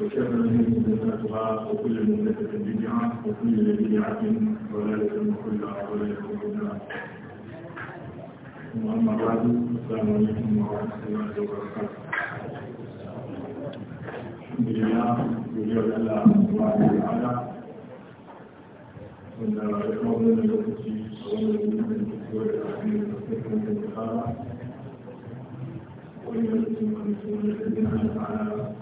وشر الامور محدثاتها وكل محدثه بدعه وكل بدعه ضلاله وكل ضلاله في النار اما بعد السلام عليكم ورحمه الله وبركاته الحمد لله بجوز الله سبحانه وتعالى wanda ya kawo wani lokaci a wannan lokacin da kuwa da ake da kusurkan da tsara wani lokacin wani tsohon da ta gina da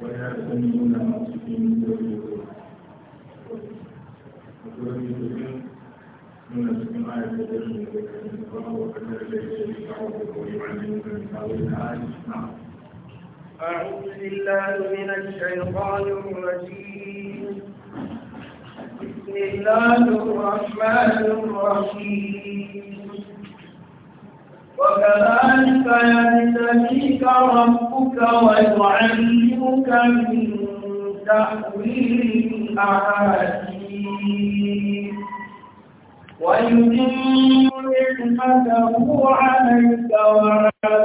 من وكذلك الذي يعوض ويعلمك من أعوذ بالله من الشيطان الرجيم بسم الله الرحمن الرحيم وكذلك يهتديك ربك ويعلمك ربك من تأويل الأحاديث ويتم نعمته عليك وعلى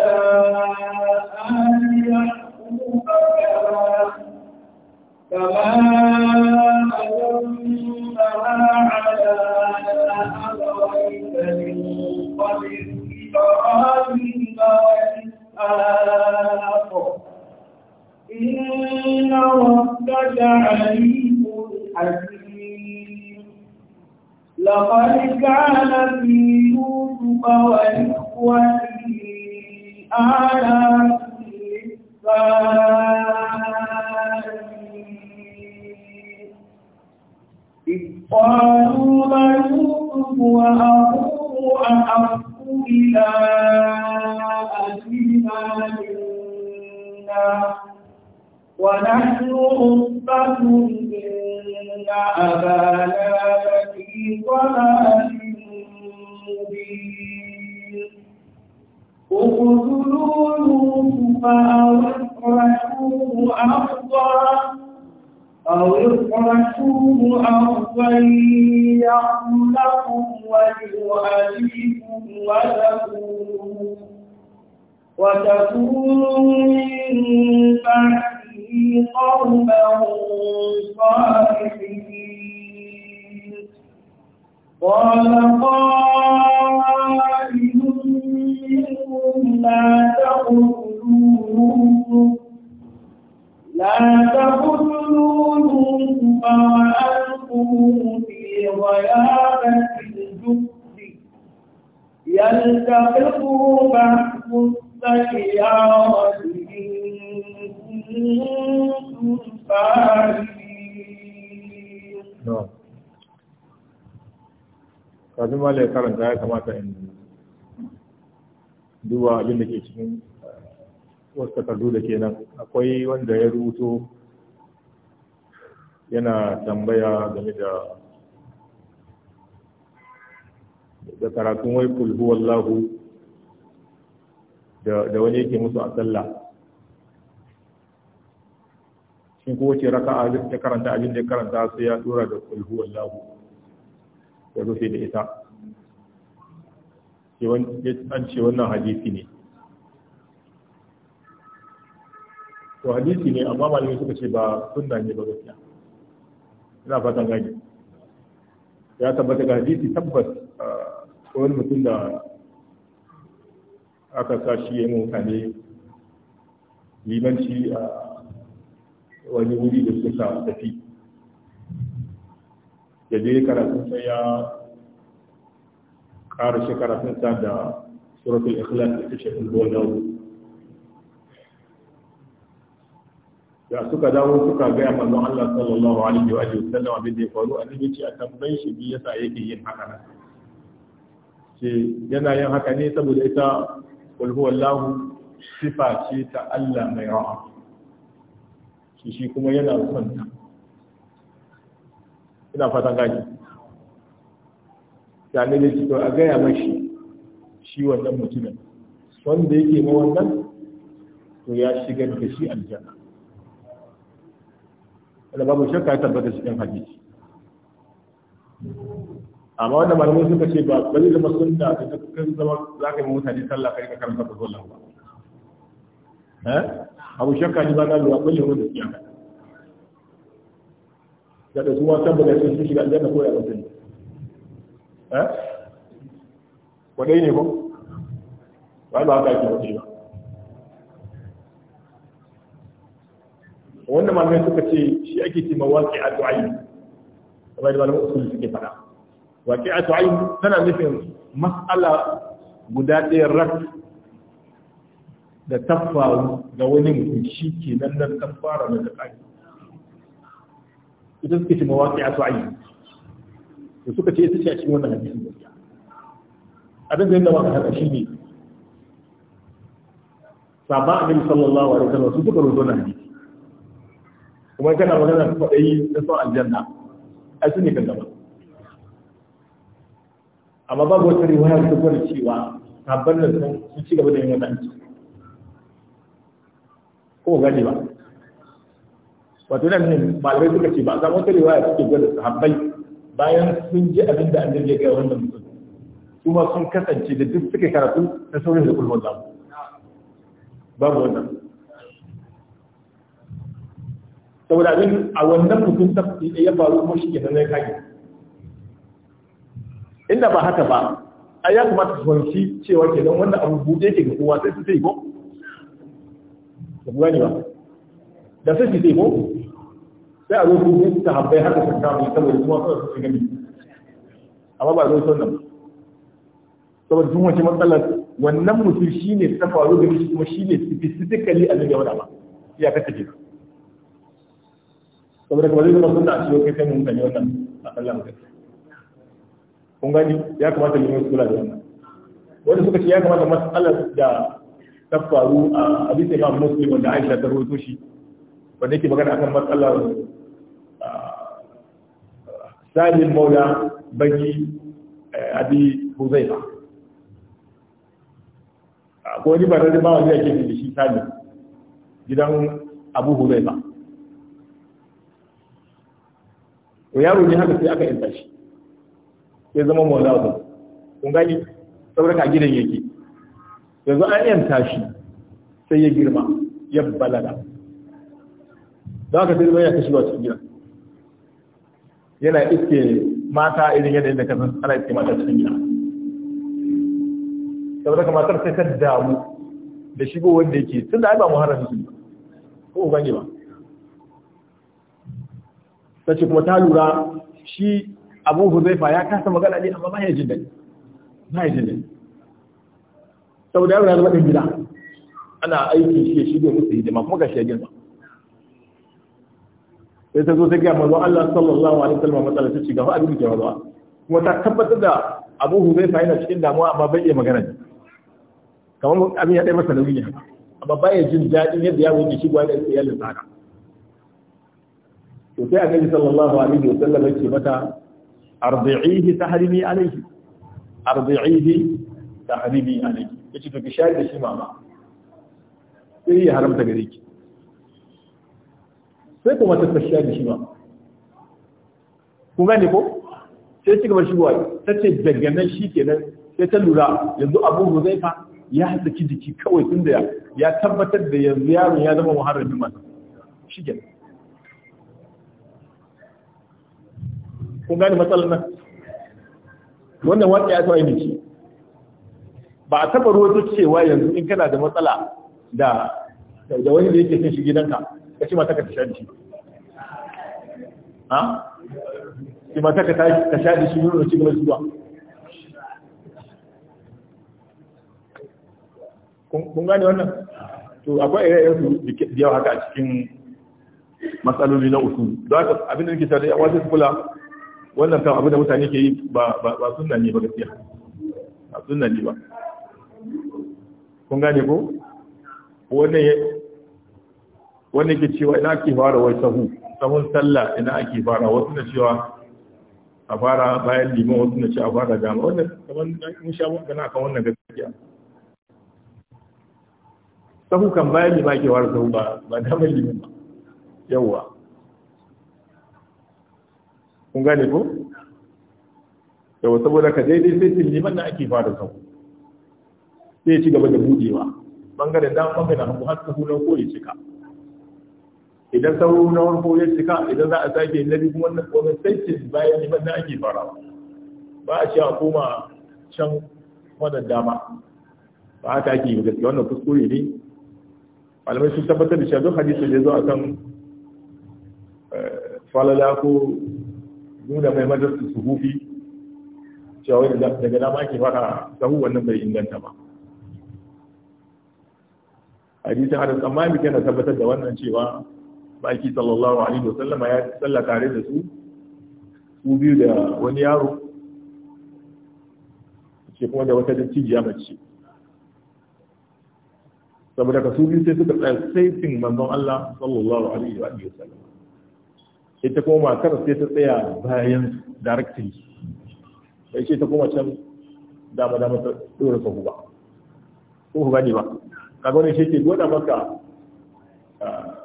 آل يعقوب كما أتمها على أبويك من قبل إبراهيم وإسحاق إن ربك عليم حكيم لقد كان في يوسف وإخوته آيات للسائلين إذ قالوا ليوسف وأخوه أحب إلى أبينا منا ونحن أمة إن أبانا لفي ضلال مبين اقتلوا يوسف أو اطرحوه أرضا أو اطرحوه أرضا يعم لكم وليؤذيكم وتكونوا وتكونوا من بعد به قوما صالحين قال قائل منهم لا تقتلوه لا تقتلوهم فألقوه في غيابة الجب يلتقطه da ya karanta ya kamata in duba abin da ke cikin wasu takardu da ke nan akwai wanda ya rubuto yana tambaya game da da karatun wai kulhu wallahu da wani yake musu a sallah shi ko wace raka a ta karanta abin da ya karanta sai ya tura da kulhu wallahu ya rufe da ita an ce wannan hadisi ne to hadisi ne amma malamai suka ce ba sunna ne ba gaskiya ina fatan gani ya tabbata ga hadisi tabbas ah, wani mutum da aka sa shi yin mutane limanci a wani wuri da suka tafi da dai karatun sai ya ƙara shekara sun sa da suratul ikhlas da ce kulbuwan dawo da suka dawo suka gaya manzon Allah sallallahu alaihi wa alihi wasallam abin da ya faru annabi ce a tambaye shi bi yasa yake yin haka nan ce yana yin haka ne saboda ita kul huwallahu sifa ce ta Allah mai ra'a shi shi kuma yana son ta ina fatan gani da da cikin a gaya mashi shi wannan mutumin wanda yake ma wannan to ya shigar da shi aljanna wanda babu shakka ya tabbata cikin hadisi amma wanda malamai suka ce ba bari zama sun da ta kan zama za ka yi mutane sallah kai ka karanta ko lan ba a eh? abu shakka ne ba na lura kullu ko da kiyama da da wata tabbata sun shiga aljanna ko ya rubuta eh wadai ne ko ba ba ka yi wadai ba wanda malamai suka ce shi ake ce ma waƙi a tu'ayi kamar da malamai usul suke fara waƙi a tu'ayi tana nufin mas'ala guda ɗaya rak da ta faru ga wani mutum shi ke nan nan ta fara da tsaki. ita suke ce ma waƙi a tu'ayi da suka ce ita ce a cikin wannan hadisin gaskiya abin da yadda ba haka shi ne sabba annabi sallallahu alaihi wasallam su suka rubuta wannan hadisi kuma kana magana ta yi da son aljanna ai sun yi kan amma babu wata riwaya ta gwada cewa sabban nan sun ci gaba da yin wannan hadisi ko gane ba wato nan ne malamai suka ce ba a samu wata riwaya suke gwada sahabbai bayan sun ji abin da annabi ya ga wannan mutum kuma sun kasance da duk suke karatu na saurin da kulmon zamu babu wannan saboda abin a wannan mutum ya faru kuma shi ke nan ya kage inda ba haka ba a ya kamata su wanci cewa ke nan wanda abu buɗe ke ga kowa sai su sai ko da ku gani ba da sai su sai ko sai a zo su ta habbai haka su kama saboda kuma kawai su gani amma ba zo sun saboda sun wace matsalar wannan mutum shi ne ta faru da shi kuma shi ne specifically a zai wada ba ya ka ce saboda kuma zai zama sun da a cikin kai mun gani wannan a sallan kai kun gani ya kamata mu yi kula da wannan wanda suka ce ya kamata matsalar da ta faru a bisa imam muslim wanda aisha ta rawaito shi wanda yake magana akan matsalar salim maula baki eh, abi huzaifa ko wani ba da ba wani yake da shi salim gidan abu huzaifa to yaro ne haka sai aka yanta shi sai zama maula ba kun gani saboda ka gidan yake yanzu an yanta shi sai ya girma ya balaga za ka sai zama ya kashi ba cikin gidan yana iske mata irin yadda da kasan ana iske mata cikin gida saboda ka matar sai ta damu da shigo wanda yake tun da aiba ba muharram su ko ubangi ba ce kuma ta lura shi Abu Huzaifa ya kasa magana ne amma ba ya jin dadi ba ya jin dadi saboda yaro ya zama ɗan gida ana aiki shi ya shigo musu hidima kuma ga shi ya girma sai ta zo ta gaya manzo Allah sallallahu alaihi wasallam matsala ta ce ga abin da ke faruwa kuma ta tabbatar da Abu Huzaifa yana cikin damuwa amma bai iya magana kamar abin ya dai masa nauyi ne amma baya jin daɗin yadda yaro yake shigowa da iyalin sa to sai annabi sallallahu alaihi wasallam yake mata ardi'ihi tahrimi alayhi ardi'ihi tahrimi alayhi yace to ki shayar da shi mama sai ya haramta gare ki sai kuma ta fashiya da shi ba kun gane ko sai ci shi ba. ta ce daga nan shi kenan sai ta lura yanzu abu fa. ya hasaki jiki kawai tunda ya tabbatar da yanzu yaron ya zama muharramin mata shi kenan kun gane matsalar nan wannan waƙi ya tawaye miki ba a taɓa ruwa cewa yanzu in kana da matsala da da wani da yake son shi gidanka ka ce mata ka tasha shi ha ki mata ka tasha shi nuna ci gaba zuwa kun gane wannan to akwai ire-iren su da yawa haka a cikin matsaloli na usul don haka abin da nake tare a wajen kula wannan kan abin da mutane ke yi ba sunna ne ba gaskiya ba sunna ne ba kun gane ko wannan wanda ke cewa ina ake fara wai sahu sahun sallah ina ake fara wasu na cewa a fara bayan liman wasu na cewa a fara dama wannan kaman in sha gana kan wannan gaskiya sahu kan bayan liman ke fara sahu ba ba damar liman ba yawwa kun gane ko yawa saboda ka daidai sai cin liman na ake fara sahu sai ya ci gaba da budewa bangaren dama bangaren hannu har sahu na koyi ya cika idan sauro na warko ya cika idan za a sake na bi kuma wani sai bayan neman na ake fara ba a cewa koma can wadda dama ba haka ake yi gaske wannan kuskure ne malamai sun tabbatar da shadon hadisun da zo a kan eh, falala ko nuna mai madarsu su hufi cewa wani daga dama ake fara sahu wannan bai inganta ba hadisun hadis amma mai tabbatar da wannan cewa baki sallallahu alaihi wasallam ya tsalla tare da su su biyu da wani yaro ce kuma da wata dattijiya mace saboda ka su biyu sai suka tsaya saifin manzon Allah sallallahu alaihi wa sallam ita kuma matar sai ta tsaya bayan directly sai ce ta kuma can dama dama ta dora sahu ba ko ba ne ba kaga wannan shi ke gwada maka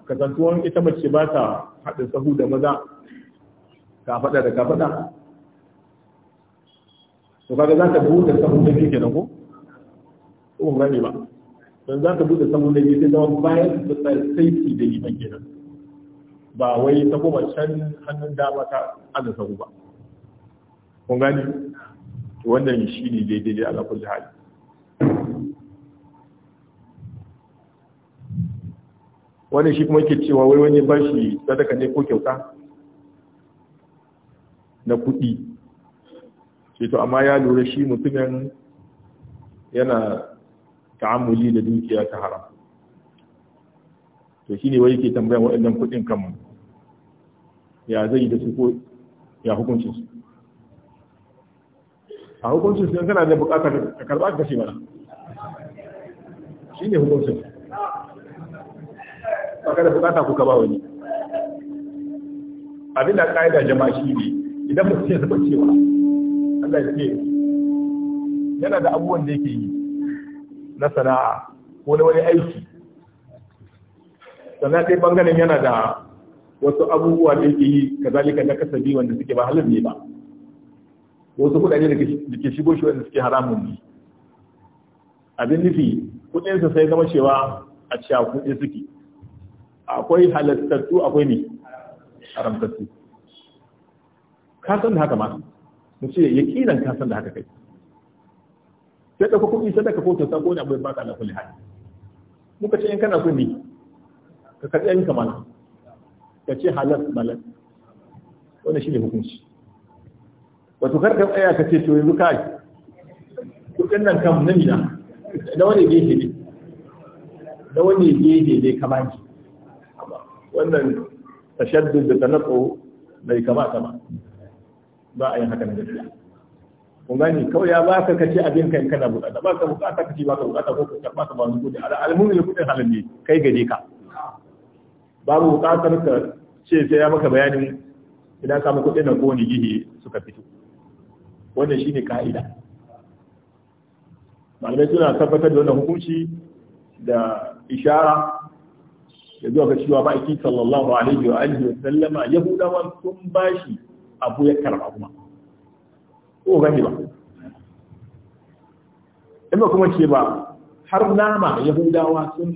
kasantuwan ita mace ba ta haɗin sahu da maza ka faɗa da faɗa to kaga za ta buɗe sahu da ke kenan ko ko ne ba don za ka buɗe sahu da ke sai zama bayan su tsaya saiti da liman kenan ba wai ta koma can hannun dama ta ana sahu ba kun gani wannan shi ne daidai da kulli hali wani shi kuma ke cewa wai wani ba shi sadaka ne ko kyauta na kuɗi ce to amma ya lura shi mutumin yana ta'amuli da dukiya ta haram to shi ne wai ke tambayan waɗannan kuɗin kan ya zai da su ko ya hukuncin su a hukuncin su yankana da buƙatar ka karɓa ka kashe mana ne hukuncin ba kada bukata kuka ba wani abin da ka'ida jama'a shi ne idan ba su ce zaba cewa Allah ya ce yana da abubuwan da yake yi na sana'a ko na wani aiki sannan sai bangaren yana da wasu abubuwa da yake yi zalika na kasabi wanda suke ba halin ne ba wasu kudade da ke shigo shi wanda suke haramun ne abin nufi kudinsa sai zama cewa a cikin kudin suke akwai halattattu akwai ne haramtattu ka san da haka ma mu ce yaqinan ka san da haka kai sai ka kuɗi sadaka ko kotu ko ne abu ya baka ala kulli hali muka ce in kana so ne ka karɓi yan kamar ka ce halal malal wannan shine hukunci wato kar ka tsaya ka ce to yanzu kai kuɗin nan kam na mina da wani gefe ne da wani gefe ne kamar ki wannan tashaddud da tanaqu bai kamata ba ba a yin haka na gaskiya kun gani kawai ya ba ka kace abin kai kana bukata ba ka bukata kace ba ka bukata ko ka ba ka ba su kudi al'amumin kudin halal ne kai gade ka babu bukatar ka ce sai ya maka bayanin idan ka mu kudin na ko ni gihi suka fito wannan shine ka'ida malamai suna tabbatar da wannan hukunci da ishara da zuwa ga cewa ba aiki sallallahu alaihi wa alihi wa sallama yahudawa sun bashi abu ya karba kuma ko gani ba in ba kuma ce ba har nama yahudawa sun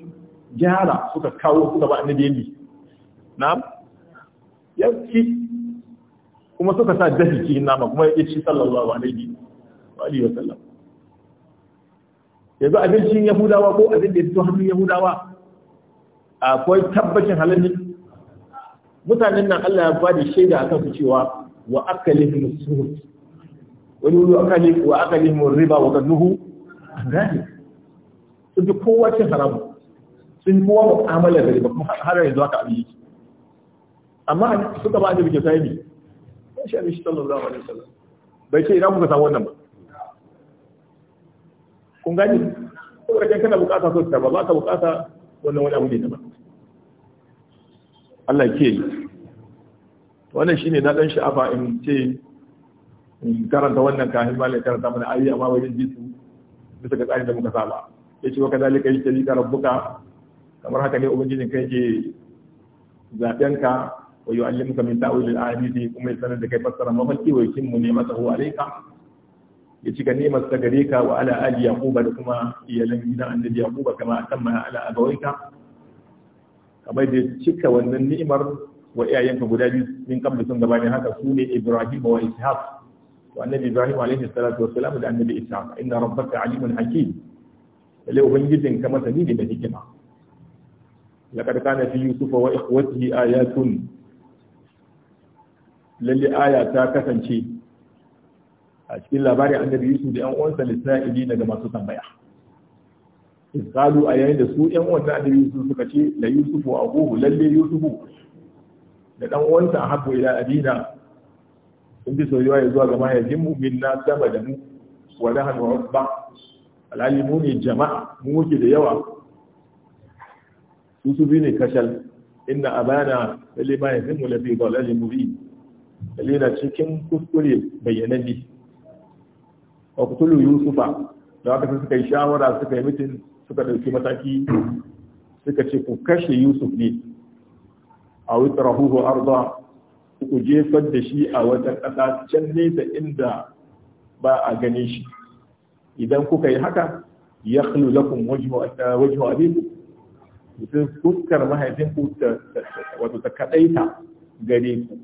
gyara suka kawo suka ba annabi yandi na'am yanki kuma suka sa dafi cikin nama kuma ya ci sallallahu alaihi wa alihi wa sallam yanzu abincin yahudawa ko abin da ya fito hannun yahudawa akwai tabbacin halal mutanen nan Allah ya bada shaida a su cewa wa akalihim suhut wani wuri akali wa akalihim riba wa A gani sun fi kowa cin haramu sun kowa mu'amala da riba kuma har yanzu haka abin yake amma suka ba annabi kyauta ne sai shi annabi sallallahu alaihi wasallam bai ce ina kuka samu wannan ba kun gani saboda kan kana bukata sosai ba ba ka bukata wannan wani abu ne ba. Allah ke yi wannan shine na dan sha'afa in ce in karanta wannan kahin malai karanta mana ayi amma wajen jisu bisa ga tsarin da muka saba yace wa kadalika ka rabbuka kamar haka ne ubangijin kai ke zabenka wa yu'allimuka min ta'wil al-ahadith kuma ya sanar da kai fassara mafaki wa masa ni'matahu alayka ya cika ni'mar ta gare ka wa ala ali yaquba da kuma iyalan gidan annabi yaquba kama atamma ala abawaika kamar da cika wannan ni'imar wa iyayenka guda biyu min kabli sun gabanin haka su ne Ibrahim wa Ishaq to annabi Ibrahim alaihi salatu wa salam da annabi Ishaq inna rabbaka alimun hakim lalle ubangijin ka masani ne da hikima laqad kana fi yusufa wa ikhwatihi ayatun lalle aya ta kasance a cikin labarin annabi Yusuf da ƴan uwansa lisa'ili daga masu tambaya iskalu a yayin da su ƴan uwan annabi yusuf suka ce la yusufu abuhu lalle yusufu da dan uwansa a habu ila abina in bi soyuwa ya zuwa ga mahaifin mu min na sama da mu wa nahnu usba alhali mu ne jama'a mu muke da yawa su su bi ne kashal inna abana lalle mahaifin mu lafi dalalin mubin lalle na cikin kuskure bayyananne wa kutulu yusufa da aka suka yi shawara suka yi mutum suka ɗauki mataki suka ce ku kashe yusuf ne a rahuhu arda ku jefar da shi a wata ƙasa can nesa inda ba a gane shi idan kuka yi haka ya khlu lakum wajhu eh, abiku mutum fuskar ta wato ta kaɗaita gare ku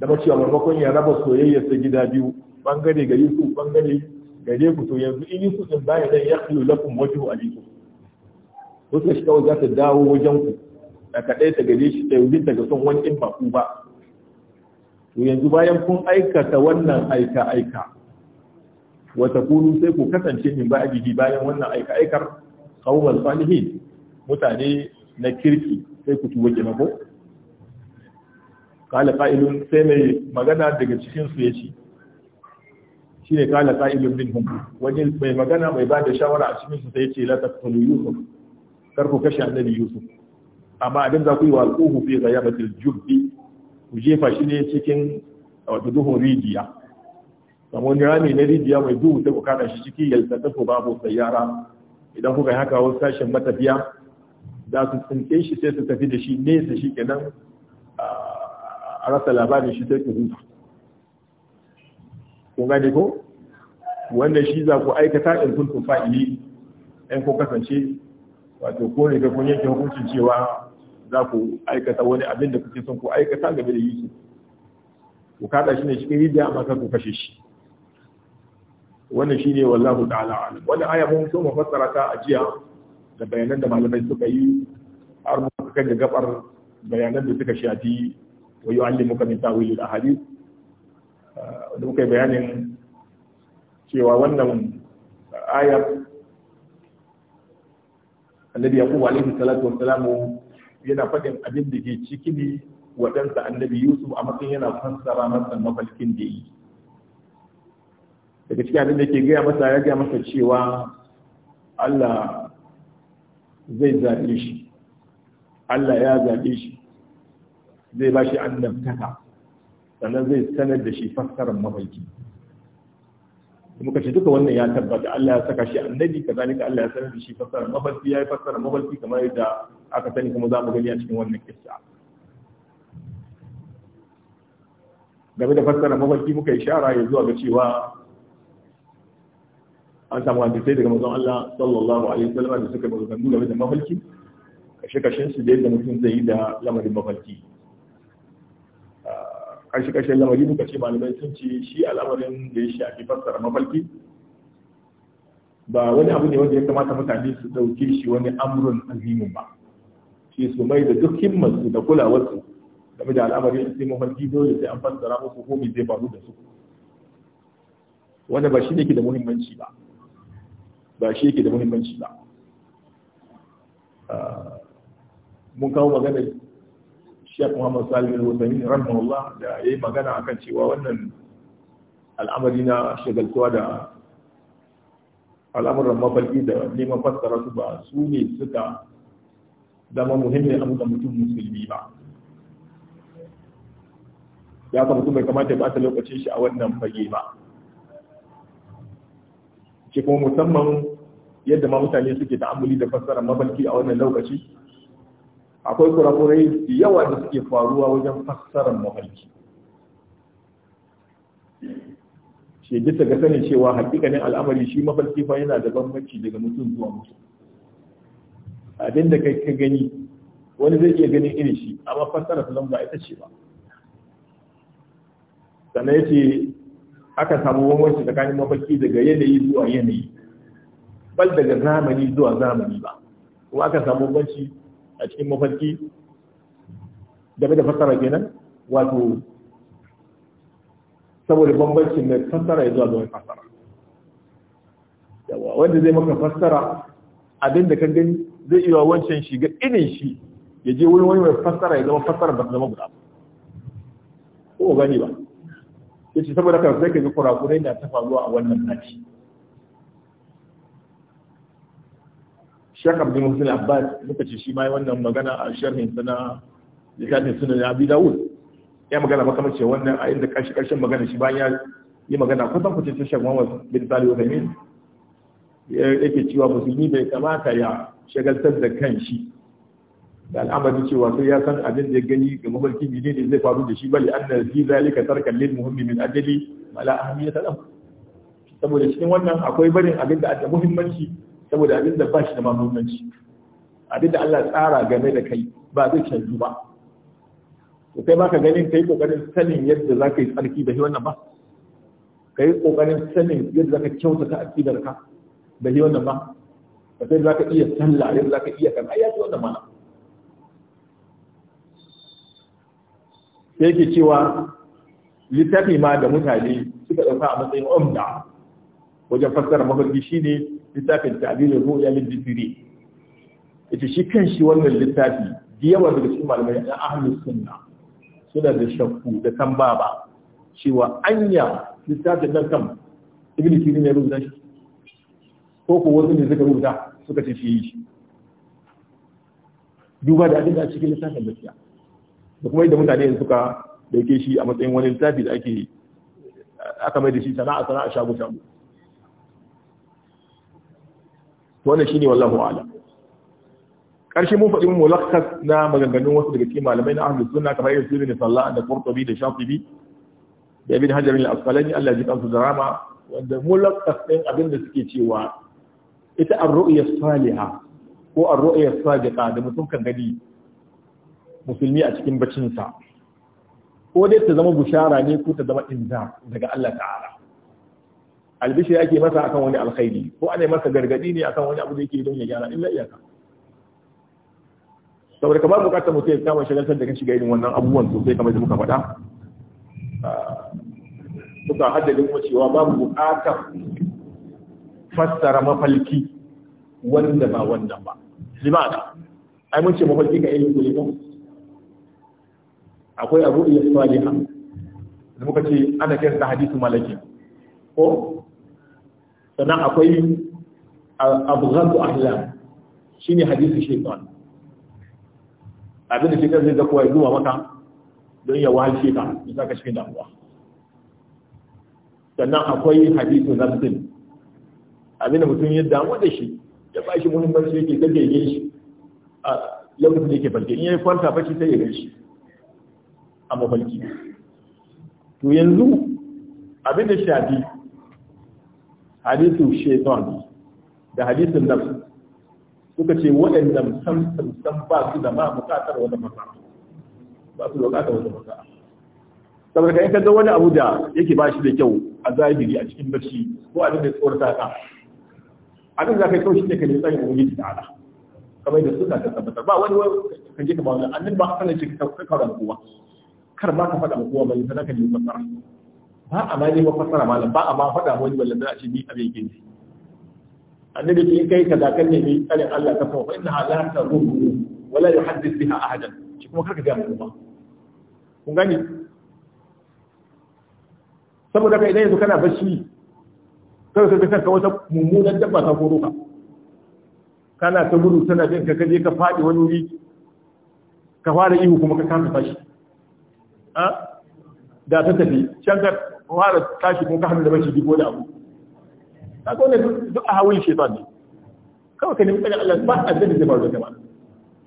zama cewa maimakon ya raba soyayya ta gida biyu bangare ga yusuf bangare gare ku to yanzu in Yusuf din baya ya yakhlu lakum wajhu alaykum wasu shi kawai za ta dawo wajen ku da kaɗai ta gare shi ɗaya wajen daga son wani in ba ku ba to yanzu bayan kun aikata wannan aika aika wata kunu sai ku kasance min ba ajiji bayan wannan aika aikar qawmal salihin mutane na kirki sai ku tuwa gina ko kala qa'ilun sai mai magana daga cikin su ce ne kala qa'ilun minhum wani mai magana mai da shawara a cikin su sai ce la taqtulu yusuf kar ku kashe annabi yusuf amma abin za ku yi waquhu fi ghayabatil jubbi ku jefa shi ne cikin wato duhun rijiya kamar wani rami na rijiya mai duhu ta ku kada shi ciki yaltatafu babu yara idan kuka yi haka wasu sashen matafiya za su tsinke shi sai su tafi da shi nesa shi kenan a rasa labarin shi sai su huta ko gane ko wanda shi za ku aikata in kuntum fa'ili in ko kasance wato ko ne ga kun yanke hukuncin cewa za ku aikata wani abin da kuke son ku aikata game da Yusuf ku kada shi ne cikin da amma ku kashe shi wannan shine wallahu ta'ala alim wannan aya mun so mu fassara ta a jiya da bayanan da malamai suka yi har muka kai gabar bayanan da suka shafi wa yu'allimuka min ta'wilil ahadith da muka bayanin cewa wannan ayar annabi yaqub alaihi salatu wassalamu yana faɗin abin da ke ciki ne wa ɗansa annabi yusuf a matsayin yana fassara masa mafalkin da yi daga cikin abin da ke gaya masa ya gaya masa cewa allah zai zaɓe shi allah ya zaɓe shi zai ba shi annabtaka sannan zai sanar da shi fassarar mafarki muka ce duka wannan ya tabbata Allah ya saka shi annabi kazalika Allah ya sanar da shi fassarar mafarki ya yi fassarar mafarki kamar yadda aka sani kuma za mu gani a cikin wannan kissa game da fassarar mafarki muka yi shara ya zuwa ga cewa an samu hadisai daga mazan Allah sallallahu alaihi wasallam da suka maganganu game da mafarki kashe-kashen su da yadda mutum zai yi da lamarin mafarki kashi kashi lamari muka ce malamai sun ce shi al'amarin da ya shafi fassara mafalki ba wani abu ne wanda ya kamata mutane su dauke shi wani amrun azimin ba shi su mai da duk himmansu da kulawarsu game da al'amarin sai mafarki dole sai an fassara musu ko zai faru da su wanda ba shi ne ke da muhimmanci ba ba shi ke da muhimmanci ba ah, mun kawo magana Sheikh Muhammad Salim al-Wasani rahimahullah da yayi magana akan cewa wannan al'amari na shagaltuwa da al'amuran mafarki da neman fassara su ba su ne suka zama muhimmin abu da mutum musulmi ba ya ka mutum bai kamata ya ta lokacin shi a wannan fage ba ce kuma musamman yadda ma mutane suke ta'amuli da fassara mafarki a wannan lokaci akwai kurakurai yawa da suke faruwa wajen fassarar mafarki shi bisa ga sanin cewa hakikanin al'amari shi mafarki fa yana da bambanci daga mutum zuwa mutum abin da kai ka gani wani zai iya ganin irin shi amma fassara su ba ita ce ba sannan ya ce aka samu bambanci tsakanin mafarki daga yanayi zuwa yanayi bal daga zamani zuwa zamani ba kuma aka samu bambanci a cikin mafarki game da fassara kenan wato saboda bambancin mai fassara ya zuwa zuwa mai fassara yawa wanda zai maka fassara abin da kan gani zai iya wancan shi ga inin shi ya je wurin wani mai fassara ya zama fassara ba zama guda ko gani ba yace saboda kan sai ka ji kurakurai na ta faruwa a wannan naci Sheikh Abdul Muhsin Abbas muka ce shi ma wannan magana a sharhin sana litafin sunan bi Dawud ya magana mace wannan a inda karshe karshen magana shi bayan ya yi magana san kuce ta Sheikh Muhammad bin Salih ya yake cewa musulmi bai kamata ya shagaltar da kan shi da al'amarin cewa sai ya san abin da ya gani ga mafarki ne ne zai faru da shi bali anna fi zalika tarkan lil muhimmi min ajali mala ahmiyata saboda cikin wannan akwai barin abin da da muhimmanci saboda abin da ba shi da mahimmanci abin da Allah tsara game da kai ba zai canzu ba to kai baka ganin kai kokarin sanin yadda za ka yi tsarki da wannan ba kai kokarin sanin yadda za ka kyautata aqidar ka da wannan ba ba sai za ka iya sallah yadda za ka iya kan ayati wannan mana sai ke cewa littafi ma da mutane suka dauka a matsayin umda wajen fassara mafarki shine littafin ta'abir ru'ya lil jisiri ita shi kan shi wannan littafi da yawa daga cikin malamai na ahlus sunna suna da shakku da kan baba cewa anya littafin nan kan ibn kirin ya rubuta shi ko ko wasu ne suka rubuta suka ce shi yi duba da abin da a cikin littafin gaskiya da kuma yadda mutane suka dauke shi a matsayin wani littafi da ake aka mai da shi sana'a sana'a shago shago wannan shine wallahu a'lam karshe mun faɗi mulakkas na maganganun wasu daga cikin malamai na ahlus sunna kamar irin sirrin sallah da qurtubi da shafi'i da ibn hajar al-asqalani Allah ya ji kansu da rama wanda mulakkas din abin da suke cewa ita ar-ru'ya salihah ko ar-ru'ya sadiqa da mutum kan gani musulmi a cikin sa ko dai ta zama bushara ne ko ta zama inza daga Allah ta'ala albishi ake masa akan wani alkhairi ko ana masa gargadi ne akan wani abu da yake don ya gyara illa iyaka saboda kamar bukatar mutum ya kama shagaltar da kan shiga irin wannan abubuwan sosai kamar da muka faɗa ah, suka haddadin cewa babu bukatar fassara mafalki wanda ba wannan ba limana ai mun ce mafalki ka irin ba, akwai abu iya salihan da muka ce ana kirta hadisu malaki ko sannan akwai abghadu ahlam shi hadisi shaytan abin da shaytan zai zakuwa ya zuwa maka don ya wahalshe ka ya ka cikin damuwa sannan akwai hadisu nafsin abin da mutum ya damu da shi ya ba shi shi yake gaje yin shi a lokacin da yake farke in ya kwanta bacci sai ya gan shi a mafarki to yanzu abin da shafi hadithu shaitan da hadisin nafs suka ce waɗanda san san ba su da ma bukatar wani maka ba su da bukatar wani maka saboda kai ka ga wani abu da yake ba shi da kyau a zahiri a cikin barci ko a dinga tsorata ka abin da kai kawai ne ka ne tsayin ubangiji da ala. kamar da suna ta tabbatar ba wani wani kan je ka ba wani annabi ba sanin shi ka kawo da kowa kar ma ka faɗa kowa ba sai ka ne masara. ba a ma neman fasara malam ba a ma faɗa wani wallan a ce ni abin yake ji annabi ce kai ka kan ne tsarin Allah ka fa inna la wa la yuhaddith biha ahadan shi kuma karka ga mu ba kun gani saboda kai idan yanzu kana bacci kawai sai kanka wata mummunan dabba ta koro ka kana ta gudu tana jin ka kaje ka fadi wani wuri ka fara ihu kuma ka kasa fashi a ah? da ta tafi can fara tashi ko ka hannu da mashi ko da abu kaga wannan duk a hawul shaytan ne kawai ka nemi tsaga Allah ba a zai faru da ba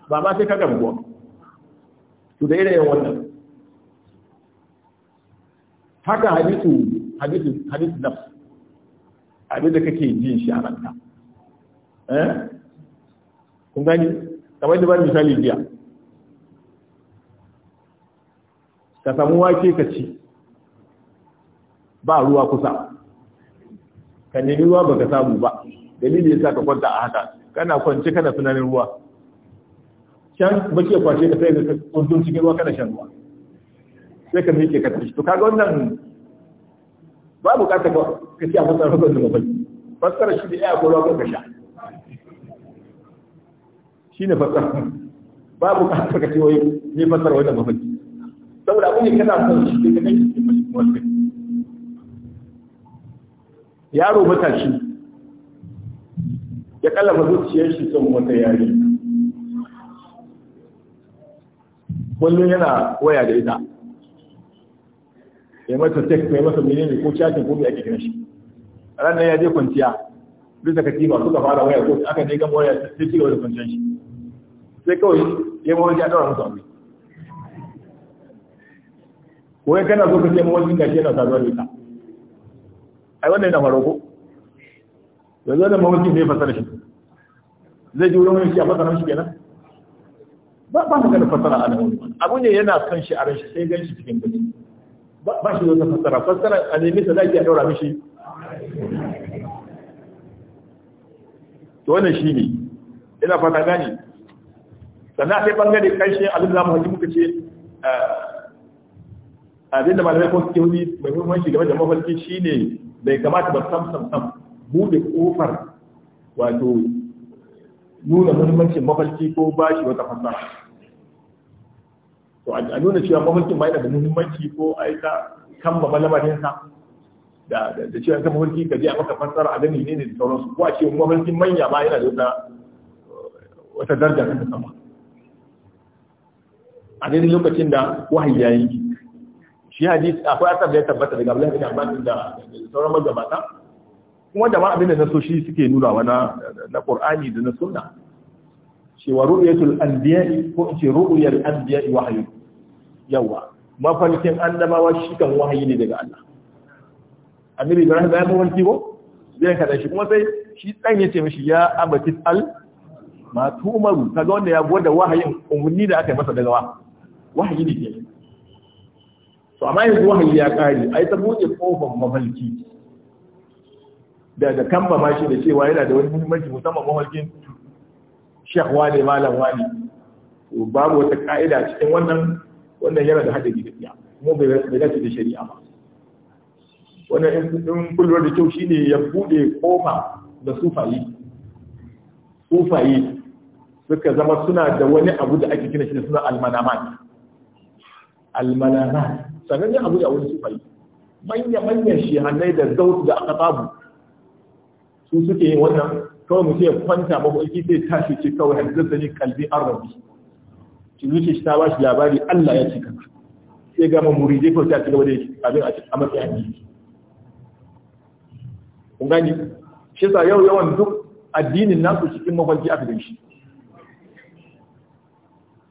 ba ma sai ka gambo to da irin wannan haka hadisu hadisu hadisu da abin da kake jin shi a ranka eh kun gani kamar da ba misali jiya ka samu wake ka ci ba ruwa kusa ka nemi ruwa ba ka samu ba dalili sa ka kwanta a haka kana kwance kana tunanin ruwa can bace kwace ka sai ka kuntun cikin ruwa kana shan ruwa sai ka miƙe ka tashi to kaga wannan ba bukata ka ka ci a fasar ruwan da mafi fasar shi da ya ko ka sha shine fasar ba bukata ka ci wai ne fasar wannan mafi saboda abin da kana son shi ne kake cikin mafi yaro matashi ya kallaba zuciyar shi son wata yare kullum yana waya da ita ya mata tek mai masa menene ko chatin ko me ake kiran shi ranar ya je kwanciya duk da katiba suka fara waya ko aka ne gama waya sai cigaba da kwanciyar shi sai kawai ya mawa ya daura musu abu ko ya kana so ka ce mawar ka ce yana saduwa da ita ai wannan yana farko yanzu da mamaki ne fasara shi zai ji wurin wani shi a fasara shi kenan ba ba ka da fasara a nan abu ne yana son shi a rashi shi sai gan shi cikin gani ba shi wata fasara fasara a nemi sa zaki a daura mishi to wannan shi ne ina fata gani sannan sai bangare karshe abin da mu haji muka ce eh, abin da malamai ko suke wuri mai muhimmanci game da mafarki shine bai kamata ba sam sam sam bude kofar wato nuna muhimmancin mafarki ko ba shi wata fasaha to a nuna cewa mafarkin ma yana da muhimmanci ko aika kammala lamarinsa da da cewa ka mafarki ka je a maka fassara a gani ne ne da sauransu ko a ce mafarkin manya ba yana da wata wata daraja ta sama a daidai lokacin da wahayi ya yi shi hadisi akwai asar da ya tabbata daga Abdullahi bin Abbas da sauran magabata kuma da ma abin da naso shi suke nuna wa na na Qur'ani da na Sunna cewa ru'yatul anbiya ko ce ru'yal anbiya wahyu yawa mafarkin annabawa shi kan wahayi ne daga Allah Amir Ibrahim ya mafarki ko zai kada shi kuma sai shi dan ya ce mishi ya abatis al ma tumaru kaga wanda ya gode wahayin umarni da aka yi masa daga wa? wahayi ne ke. to amma yanzu wahayi ya kare ai ta buɗe kofar mafarki da da kamba ma shi da cewa yana da wani muhimmanci musamman mafarkin shakwa wane malam wane to babu wata ka'ida cikin wannan wannan yana da haɗari gaskiya kuma bai dace da shari'a ba wannan in kullum da kyau shine ya bude kofa da sufayi sufayi suka zama suna da wani abu da ake kina shi da suna almanamat almanamat sanan ya abu da wani sufai manya manyan hannai da zaut da aka tabu su suke yin wannan kawai mutum ya kwanta mafarki sai tashi ce kawai haddathani kalbi arabi shi zuciya shi ta ba shi labari Allah ya cika sai ga mu muride ko ta cigaba da abin a matsayin addini kun gani shi yasa yau yawan duk addinin nasu cikin mafarki aka gan shi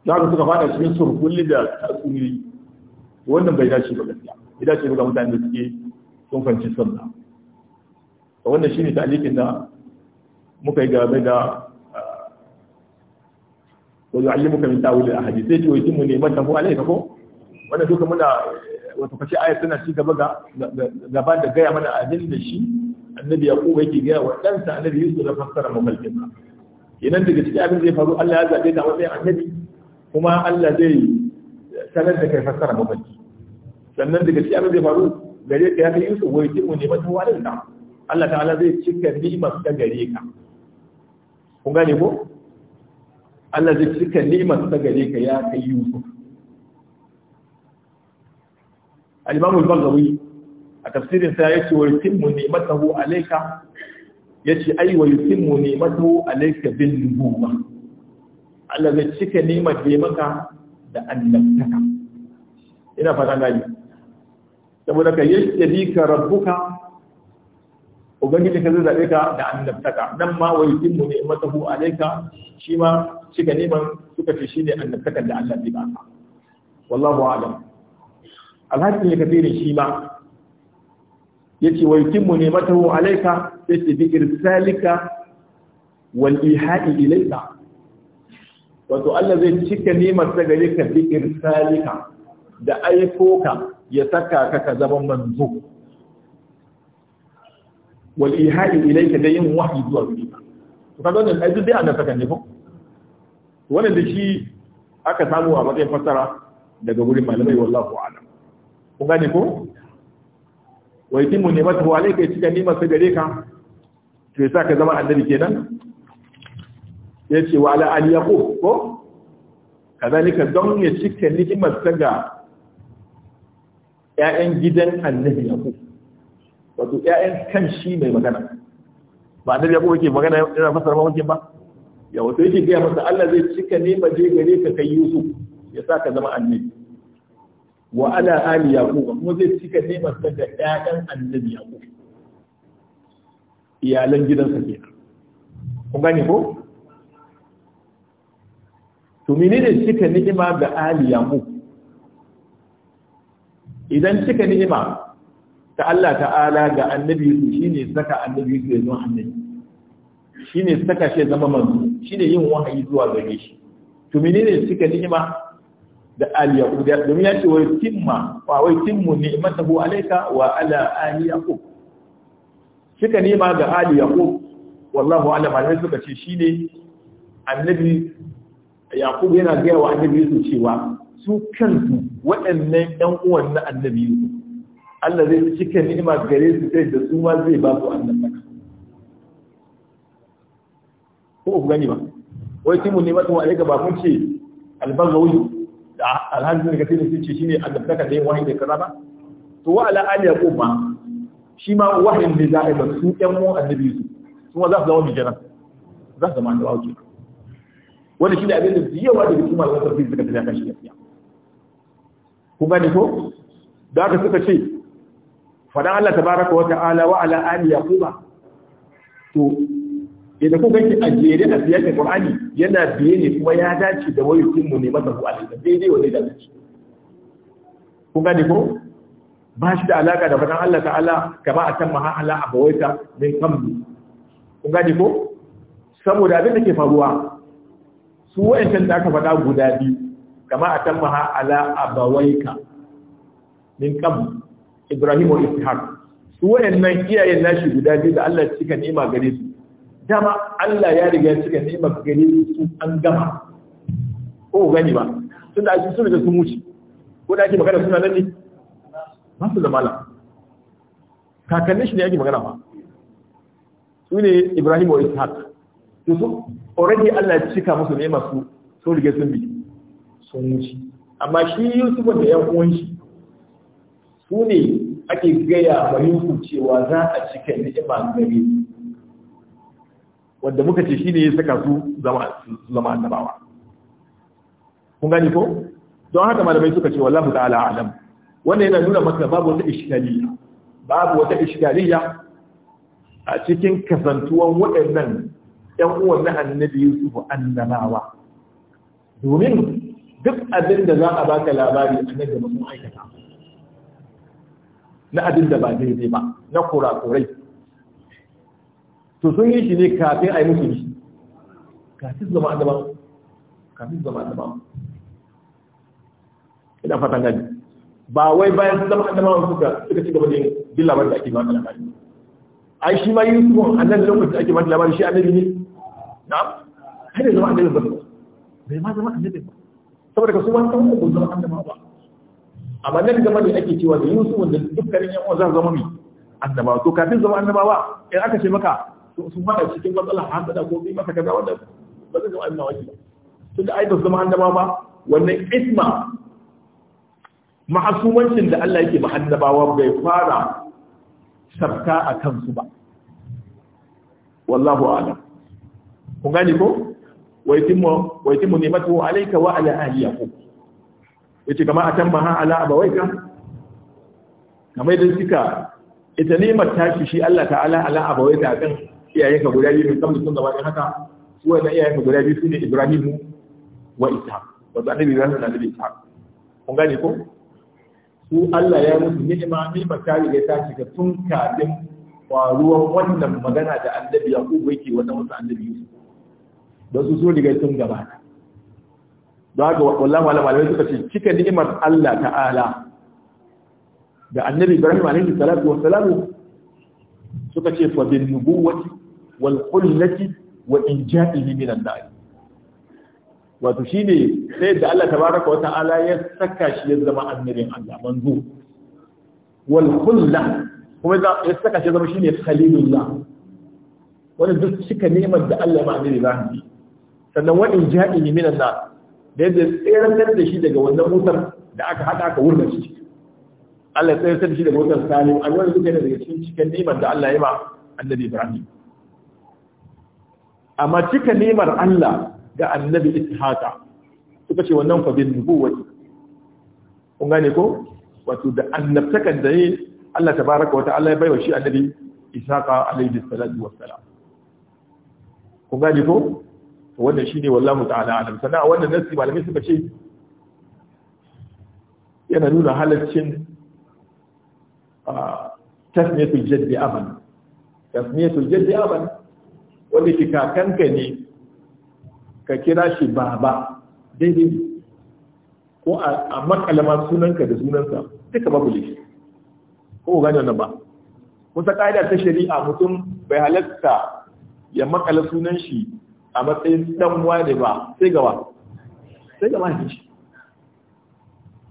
za ka suka fada cikin surkulli da tatsuniyoyi wannan bai dace ba gaskiya bai dace ba ga mutane da suke sun fanci sunna to wannan shine ta'liqin da muka yi game da ah, wa yu'allimuka min tawul al ahadi. sai ce wai ne mata ko alayka ko wannan duka muna wato kace ayat tana ci gaba ga gaba da gaya mana ajin da shi annabi yaqub yake gaya wa ɗansa annabi yusuf da fassara mafarkin sa idan daga cikin abin zai faru Allah ya zabe da wani annabi kuma Allah zai sanar da kai fassara mafarki sannan daga cikin abin zai faru gare ka ya kai yusuf wai jirmu ne mata walin ka Allah ta'ala zai cika ni'imar ta gare ka kun gane ko Allah zai cika ni'imar ta gare ka ya kai yusuf al-imam al-baghawi a tafsirin sa yace wa yutimmu ni'matahu alayka yace ai wa yutimmu ni'matahu alayka bin nubuwa Allah zai cika ni'imar da maka da annabtaka ina fata gani saboda ka yastabi ka rabbuka ubangiji ka zai zabe ka da annabtaka nan ma wai wa yutimmu ni'matahu alayka shi ma cika neman suka ce shine annabtaka da Allah zai baka wallahu a'lam alhaji ne kafirin shi ma yace wa yutimmu ni'matahu alayka sai bi irsalika wal ihai ilayka wato Allah zai cika ni'mar ta gare ka bi irsalika da aiko ka ya saka ka ka zama manzo wal ihai ilayka da yin wahyi zuwa gare ka to kaga wannan ai dai annabi saka ne ko wannan da shi aka samu a matsayin fassara daga wurin malamai wallahu a'lam kun gane ko wai timu ne mata wale kai cika ni su gare ka to yasa ka zama annabi kenan yace wa ala Ali yaqub ko kazalika don ya cika ni ta ga ‘ya'yan gidan annabi yaƙub wato ‘ya'yan kan shi mai magana ba annabi yaƙub yake magana yana fasar wajen ba ya wato yake gaya masa Allah zai cika ba je gare ka kai Yusuf ya sa ka zama annabi wa ala ali yaqub kuma zai cika nema ka da ƴaƴan annabi yaqub iyalan gidansa ke kun gane ko to menene cika ni'ima ga ali ya yaqub idan cika ni'ima ta Allah ta'ala ga annabi Yusuf shine saka annabi Yusuf ya zama annabi shine saka shi zama manzo shine yin wahayi zuwa gare shi to menene cika ni'ima da al yahuda domin ya ce wa timma wa wai timmu ni'matahu alayka wa ala ali yaqub cika ni'ima ga ali yaqub wallahu alam malamai suka ce shine annabi yaqub yana ga wa annabi Yusuf cewa su kansu waɗannan ɗan uwan na annabi su. Allah zai cika ni'ima gare su sai da su ma zai ba su annabtaka ko ku gani ba wai mun ne mata alika ba kun ce albagawi da alhaji ne kace sun ce shine annabtaka da wahayi da kaza ba to wa ala ali yaqub ma shi ma wahayin ne za a ba su ɗan uwan annabi Su kuma za su zama mijaran za su zama da wauki wanda shi ne abin da yawa da kuma Allah tafsir suka tafi akan shi gaskiya ku gani ko da aka suka ce fadan Allah tabaraka wa ta'ala wa ala ali yaquba to idan ku ganki a jere a siyakin qur'ani yana biye ne kuma ya dace da wayukin mu ne masa ku alaihi daidai wani da dace ku gani ko ba shi da alaka da fadan Allah ta'ala kama a tamma ha ala abawaita min qabli ku gani ko saboda abin da ke faruwa su wa'ancan da aka faɗa guda biyu kama atammaha ala abawaika min qabl Ibrahim wa Ishaq su wayannan iyayen nashi guda biyu da Allah cika ni'ima gare su dama Allah ya riga cika ni'ima gare su an gama ko gani ba tun da ajin sun da sun wuce ko da ake magana suna nan ne ba su da malam shi ne ake magana ba su ne Ibrahim wa Ishaq to su already Allah cika musu ni'ima su sun riga sun bi sun wuce amma shi yusuf da yan uwanshi. shi su ne ake gaya wa yusuf cewa za a cika ni'ima gare wanda muka ce shi ne ya saka su zama annabawa kun gani ko don haka malamai suka ce wallahu ta'ala alam wannan yana nuna maka babu wata iskaliya babu wata iskaliya a cikin kasantuwan waɗannan ‘yan uwan na annabi Yusuf annabawa domin duk abin da za a baka labari a nan gaba mun aikata na abin da ba daidai ba na kurakurai to sun yi shi ne kafin a yi musu shi kafin zama adama kafin zama adama ina fatan gani ba wai bayan sun zama adama suka suka ci gaba da yin bin labarin da ake baka labari ai shi ma yi a nan lokacin da ake baka labari shi annabi ne na'am har da zama da ba bai ma zama annabi ba saboda ka su kan uku zama an ba amma nan gama da ake cewa da yusuf wanda dukkanin yan uwa za zama mai annaba to kafin zama annabawa in aka ce maka sun fada cikin matsala har da ko bi maka kaza wanda ba zai zama annabawa ba to da ai ba zama annabawa ba wannan isma ma'asumancin da Allah yake ba annabawa bai fara sabta a kansu ba wallahu a'lam kun gane ko wa yutimmu wa yutimmu ni'matahu alayka wa ala ahli yaqub yace kama atammaha ala abawaika kamar da suka ita ni'mar tashi shi Allah ta'ala ala abawaika kan iyayenka guda biyu kamar sun gaba ne haka su wannan iyayenka guda biyu sune Ibrahim wa annabi annabi kun gane Allah ya musu ni'ima ni'mar ta riga ta shiga tun kafin faruwar wannan magana da annabi Yaqub yake wannan wasu annabi Yusuf don su sun riga sun ta. don haka wallahi malam malamai suka ce cika ni'imar Allah ta'ala da annabi Ibrahim alaihi salatu wa salamu suka ce fa bin nubuwati wal qullati wa inja'ihi min an-nar wato shine sai da Allah tabaraka wa ta'ala ya saka shi ya zama annabin Allah manzo wal qullah kuma ya saka shi ya zama shine khalilullah wannan duk cika neman da Allah ma annabi Ibrahim sannan wani ja'i ne minan na da yadda tseren da shi daga wannan mutar da aka haɗa aka wurin shi Allah ya da shi daga wutar salim an wani suke da daga cikin cikin nimar da Allah ya ma annabi Ibrahim amma cika nimar Allah ga annabi Ishaqa suka ce wannan fa bin nubuwati kun gane ko wato da annabtakan da yi Allah tabaraka wa ta'ala ya baiwa shi annabi Ishaqa alaihi salatu wassalam kun gane ko wannan shi shine wallahu ta'ala alam Sana'a wannan nasi malamai suka ce yana nuna halaccin tasmiyatul jaddi aban tasmiyatul jaddi aban wanda ki kakanka ne ka kira shi baba daidai ko a makalama sunanka da sunansa duka babu laifi ko gane wannan ba wata ƙa'ida ta shari'a mutum bai halatta ya makala sunan shi a matsayin dan wani ba sai gaba sai gaba ne shi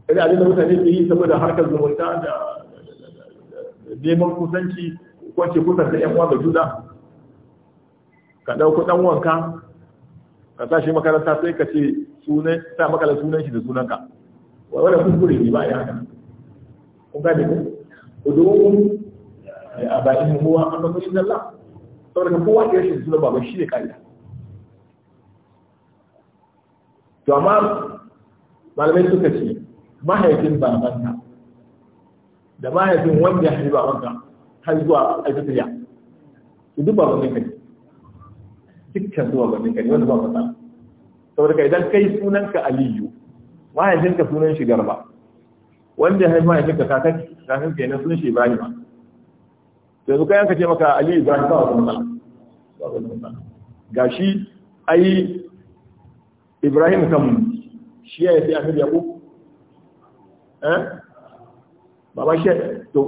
Sai abin da mutane su yi saboda harkar zumunta da neman kusanci ko ce kusanta yan uwa da juna ka dauko dan wanka ka sa shi makaranta sai ka ce sunan sa makalar sunan shi da sunanka wanda kuskure ne ba ya haka kun gane ku udu'un eh, a ba'in huwa amma kun inna Allah saboda kowa ke shi sunan baban shi ne kariya to amma malamai suka ce mahaifin babanka da mahaifin wanda ya haifi babanka har zuwa alfitiriya su duk babannin ka ne dukkan zuwa babannin ka ne wanda ba matsala saboda ka idan kai sunanka aliyu mahaifinka sunan shi garba wanda ya haifi mahaifinka kakan kakan kenan sunan shi to yanzu kai ka ce maka aliyu ibrahim ba wani matsala ba ga shi gashi ai ibrahim kan shi ya yi annabi yaqub eh baba shi to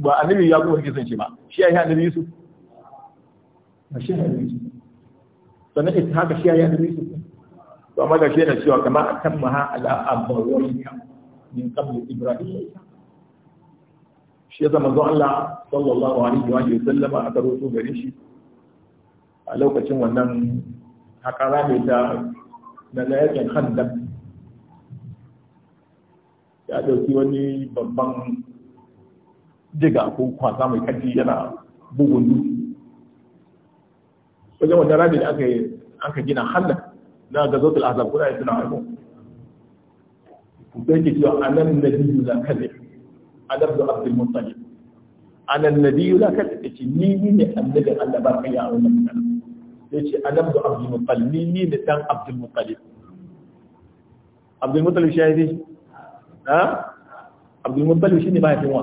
ba annabi yaqub ne shi ba shi ya yi annabi yusuf ba shi ya yi annabi yusuf sannan ita haka shi ya yi annabi yusuf to amma ga shi yana cewa kama atammaha ala ya min qabl ibrahim shi ya zama zo Allah sallallahu alaihi wa sallama a karo su gare shi a lokacin wannan haƙara mai ta daga yakin handa ya ɗauki wani babban jiga ko kwasa mai kaji yana bugun duk wajen wajen rami da aka gina handak na ga zotul azab kuna yi suna haifo sai ke cewa anan nabiyyu la kadhib adab da abdul muttalib anan nabiyyu la kadhib ce ni ne annabin Allah ba kai ya wannan mutane yace ana bu abdul muttalib ni ni ne dan abdul muttalib abdul muttalib shi yayi ha abdul muttalib shi ne ba yafi wa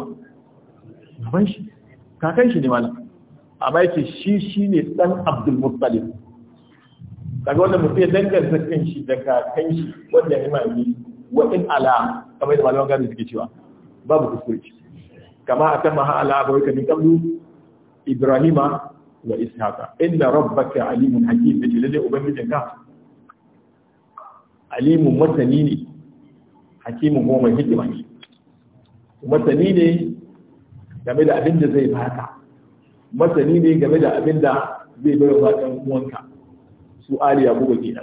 baban shi kakan shi ne malam amma yace shi shi ne dan abdul muttalib kaga wannan mutum ya danganta kan shi da kakan shi wanda ya imani wa in ala kamar yadda malaman gado suke cewa babu kuskure kama akan maha ala abawai kamin kablu ibrahima wa ishaqa inna rabbaka alimun hakim da lalle ubangijinka alimun masani ne Hakimun kuma mai hikima ne masani ne game da abin da zai baka masani ne game da abin da zai bai wa uwanka su aliya buga da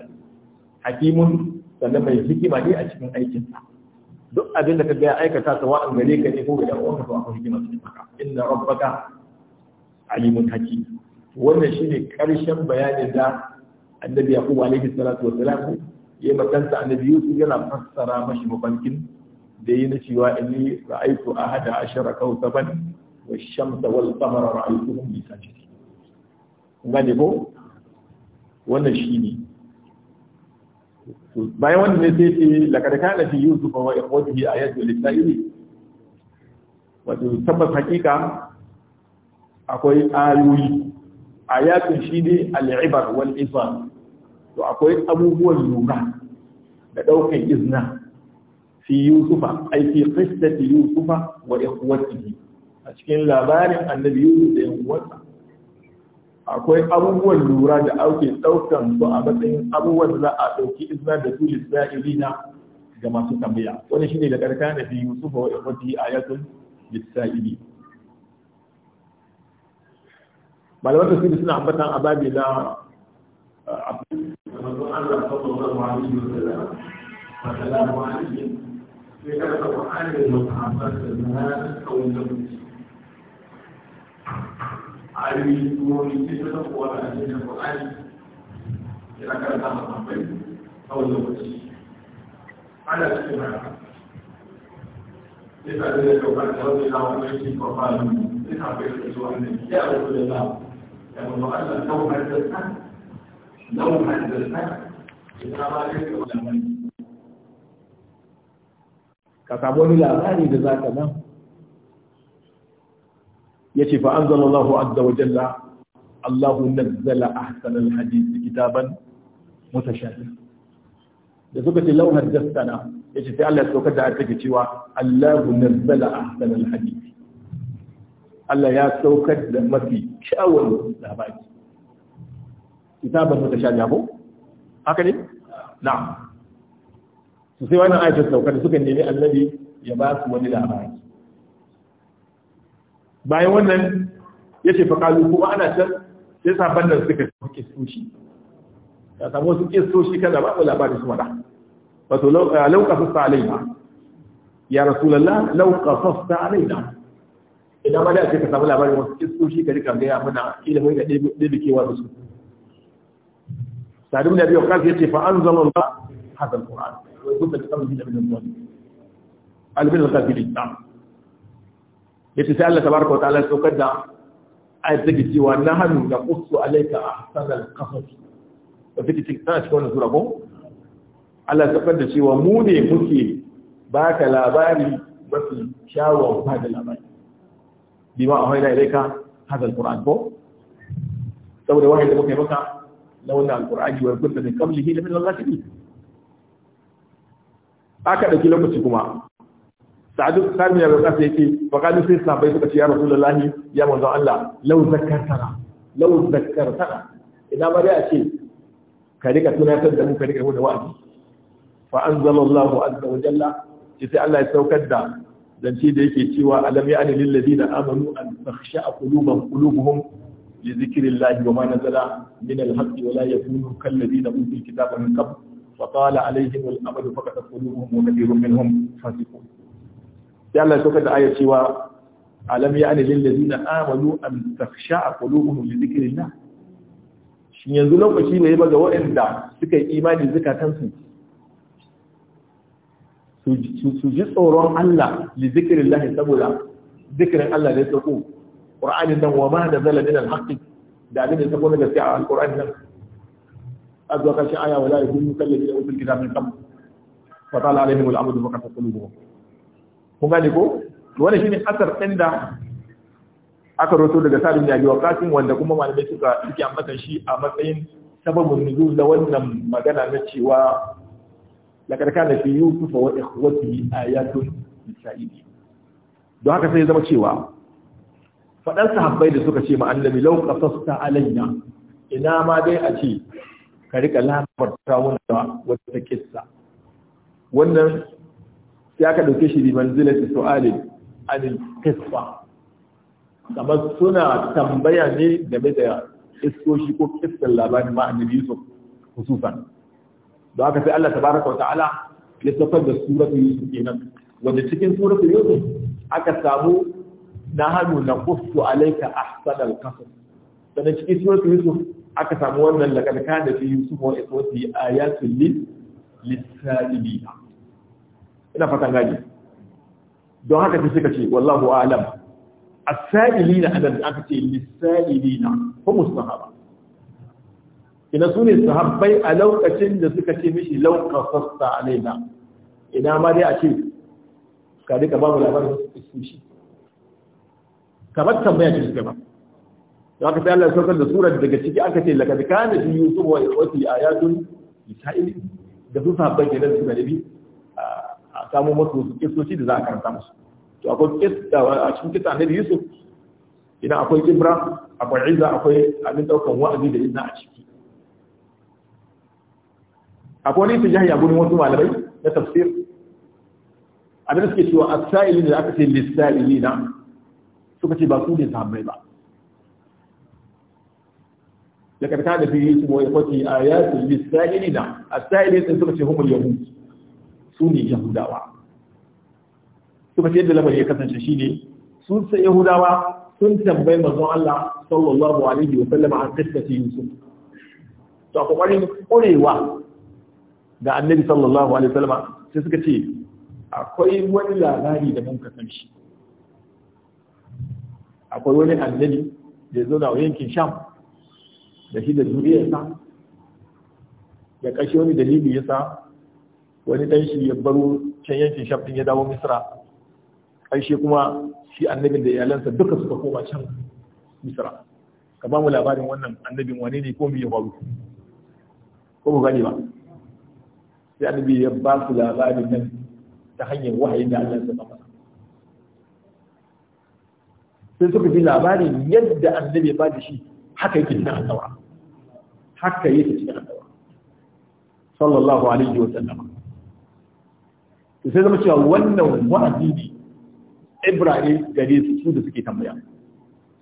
hakimun sannan mai hikima ne a cikin aikinsa duk abin da ka ga aikata ta wa'an gare ka ne ko ga ɗan uwanka to akwai hikima cikin haka inna rabbaka alimun hakim wannan shi ne karshen bayanin da annabi kuwa alaihi salatu wassalam ya yi makanta annabi yusuf yana fassara mashi mafarkin da yi na cewa a hada ahada ashara kawtaban wash-shamsa wal-qamara ra'aytuhum li sajidin ne ko wannan shi ne. bayan wannan ne sai ce lakarka na fi yusuf wa ikhwatihi ayatu lis-sa'ili wato tabbas hakika akwai ayoyi a ya shi ne al'ibar wal ifa to akwai abubuwan lura da ɗaukar izna fi yusufa ai fi qissati yusufa wa ikhwatihi a cikin labarin annabi yusuf da yan akwai abubuwan lura da auke ɗaukan su a matsayin abubuwan da za a ɗauki izna da su lisa'ilina ga masu tambaya wani shine da karkana fi yusufa wa ikhwatihi ayatun lisa'ilina malaman tafsiri suna ambatan ababi na ayoyi kuma ne ce ta kowa da ajiyar da ƙwa'ani ya aka da makamai a wani lokaci ana cikin haka ya ta zai da ƙwa'ani ta wani na wani yankin ƙwa'ani ya ta bai da zuwa ne ya rasu da na لأنه قال لو هددتها لو هددتها إذا رأيت لما كتبوا لي الأمان جزاك الله يتي فأنزل الله عز وجل الله نزل أحسن الحديث كتابا متشابه يزوك لو هدستنا يتي في الله سوكت أتكي الله نزل أحسن الحديث Allah ya saukar da mafi kyawun labari ta sha jabo? haka ne Na. su sai wannan aikin saukar da suka nemi annabi ya ba su wani labari bayan wannan ya fa kalu kuma ana can sai sabon nan suka suke sushi ya samu wasu kistoshi kada ba labari su su wato lauka eh, fasta alaina ya rasulallah lauka fasta alaina idan ma da ake ka samu labarin wasu kiskoshi ka rika gaya muna ilimin da ɗaiɗaikewa da su sadu da biyu kansu ya ce fa an zama ba hazan ƙura'an wai kun tafi samun jina minin wani albin da kafi lita ya ce sai allah tabaraka wa ta'ala saukar da ayat take cewa na hannu da kusu alaika a sanar kafafi da take cikin tana cikin wannan sura ko allah saukar da cewa mu ne muke baka labari mafi kyawun ba da labari bima a haina ilaika hadha alquran ko saboda wahayi da muke maka launa wannan alqur'ani wa kunta min qablihi la min al-ghafilin aka dauki lokaci kuma sa'adu sami ya roƙa sai ce fa kadu sai sabai suka ce ya rasulullahi ya manzo Allah law zakkartana law zakkartana ina ba dai a ce ka rika tunatar da mu ka rika da wa'azi fa anzalallahu azza wa jalla sai Allah ya saukar da zance da yake cewa alam ya anil ladina amanu an takhsha qulubuhum qulubuhum li dhikrillahi wa ma nazala min al-haqqi wa la yakunu kal da utul kitaba min qabl fa tala alaihim al-amadu faqat qulubuhum wa kathirun minhum fasiqun sai Allah ya da ayar cewa alam ya anil ladina amanu an takhsha qulubuhum li dhikrillah shin yanzu lokaci ne ba ga waɗanda suka yi imani zakatansu su ji tsoron Allah li zikirin lahi saboda zikirin Allah da ya sauko ƙur'anin nan wa ma da zala min alhaƙi da abin da ya sauko na gaskiya a alƙur'anin nan a zuwa ƙarshen aya wala ya gudu kan lafiya usul kitab min kam fa ta'ala alaihim maka ta qad ba kun gane ko shi ne asar ɗin da aka roto daga sabin da wa kafin wanda kuma malamai suka suke ambatan shi a matsayin sababin nuzul da wannan magana na cewa laqad kana fi yusufa wa ikhwatihi ayatun lisaidi don haka sai ya zama cewa fadan sahabbai da suka ce ma annabi law qasasta ina ma dai a ce ka rika labarta wanda wata kissa wannan sai aka dauke shi bi manzilati su'alin anil qissa kamar suna tambaya ne game da iskoshi ko kissan labarin ma annabi Yusuf hususan don aka sai Allah tabaraka wa ta'ala ya saukar da suratul yusuf kenan wanda cikin suratul yusuf aka samu na na hannu nahanu alaika alayka ahsanal qasas sannan cikin suratul yusuf aka samu wannan laqad kana fi yusuf wa ikhwati ayatul lil lisaibina ina fatan gaji don haka sai suka ce wallahu a'lam as-sa'ilina adan aka ce lis-sa'ilina ko mustahaba ina su ne sahabbai a lokacin da suka ce mishi lauka sassa laina ina ma dai a ce ka duka babu labarin su shi kamar tambaya ce suka ba da aka tsaye Allah ya da surar daga ciki aka ce su kana fi yusuf wa a ayatun lisa'il da su sahabbai kenan suka nabi a samu wasu kisoci da za a karanta musu to akwai kisa a cikin kisa annabi yusuf Ina akwai kibra akwai iza akwai abin daukan wa'azi da izna a ciki akwai wani tijahi a gurin wasu malamai na tafsir abin da suke cewa as-sa'ilin da aka ce lis-sa'ilina suka ce ba su ne sahabbai ba لقد كان في يوسف وإخوته آيات للسائلين السائلين إن سمت هم اليهود سوني يهوداوا سمت يد لما يكسن ششيني سون يهوداوا سون تنبي مزوع الله صلى الله عليه وسلم عن قصة يوسف تقولين قولي وا Da annabi sallallahu alaihi wasallam sai suka ce akwai wani labari da mun kasan shi akwai wani annabi da ya zauna a yankin sham da shi da zuriyarsa ya kashe wani dalili yasa wani dan shi ya baro can yankin sham din ya dawo misra ƙarshe kuma shi annabin da iyalansa duka suka koma can misra ka ba mu labarin wannan annabin wani ne ko mu ya faru ko mu gani ba sai annabi ya ba su labarin nan ta hanyar wahayin da Allah ya saba masa sai suka ji labarin yadda annabi ya ba da shi haka yake cikin annawa haka yake cikin annawa sallallahu alaihi wa sallam sai zama cewa wannan wa'azi ne ibrahim gare su su da suke tambaya sai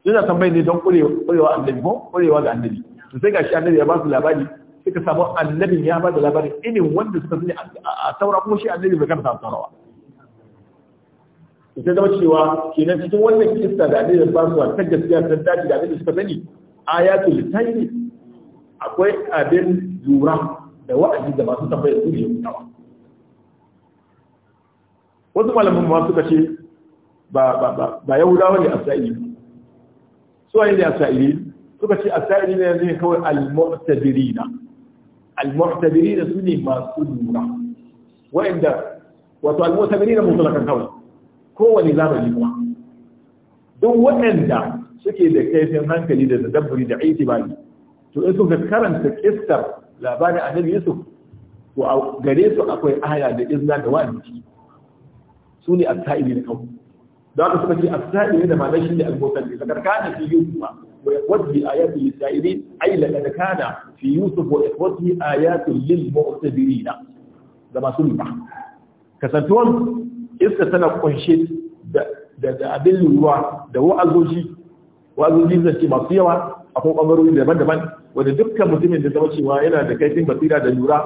suna tambayi ne don kurewa annabi ko kurewa ga annabi to sai gashi annabi ya ba su labari suka samu annabin ya ba da labarin irin wanda suka sani a taura kuma shi annabi bai karanta taurawa ita zama cewa kenan cikin wannan kista da annabin ba su ta gaskiya ta daji da annabin suka sani ayatul tayyi akwai abin lura da wa'azi da masu tambayar su ne mutawa wasu malamin ma suka ce ba ba ba ba yahudawa ne asra'ili su ne asra'ili suka ce asra'ili ne yanzu ne kawai al-mu'tadirina al-mu'tabiri da su ne masu lura wa'anda wato al-mu'tabiri da mutlakan kawai kowane zamani kuma Don waɗanda suke da kaifin hankali da tadabburi da aiki ba ne, to in suka karanta kissar labarin annabi Yusuf to a gare su akwai aya da izna da wa'azi su ne as-sa'ili da kawai da aka suka ce as-sa'ili da ma'anar shi ne al-mu'tabiri sakar kana fi yusufa ويقضي آيات للسائرين أي لقد كان في يوسف وإخوته آيات للمعتبرين da سلم lura kasantuwan iska tana kunshe da abin lura da wa'azoji wa'azoji zance masu yawa akwai kuma daban-daban wanda dukkan mutumin da zama cewa yana da kaifin basira da lura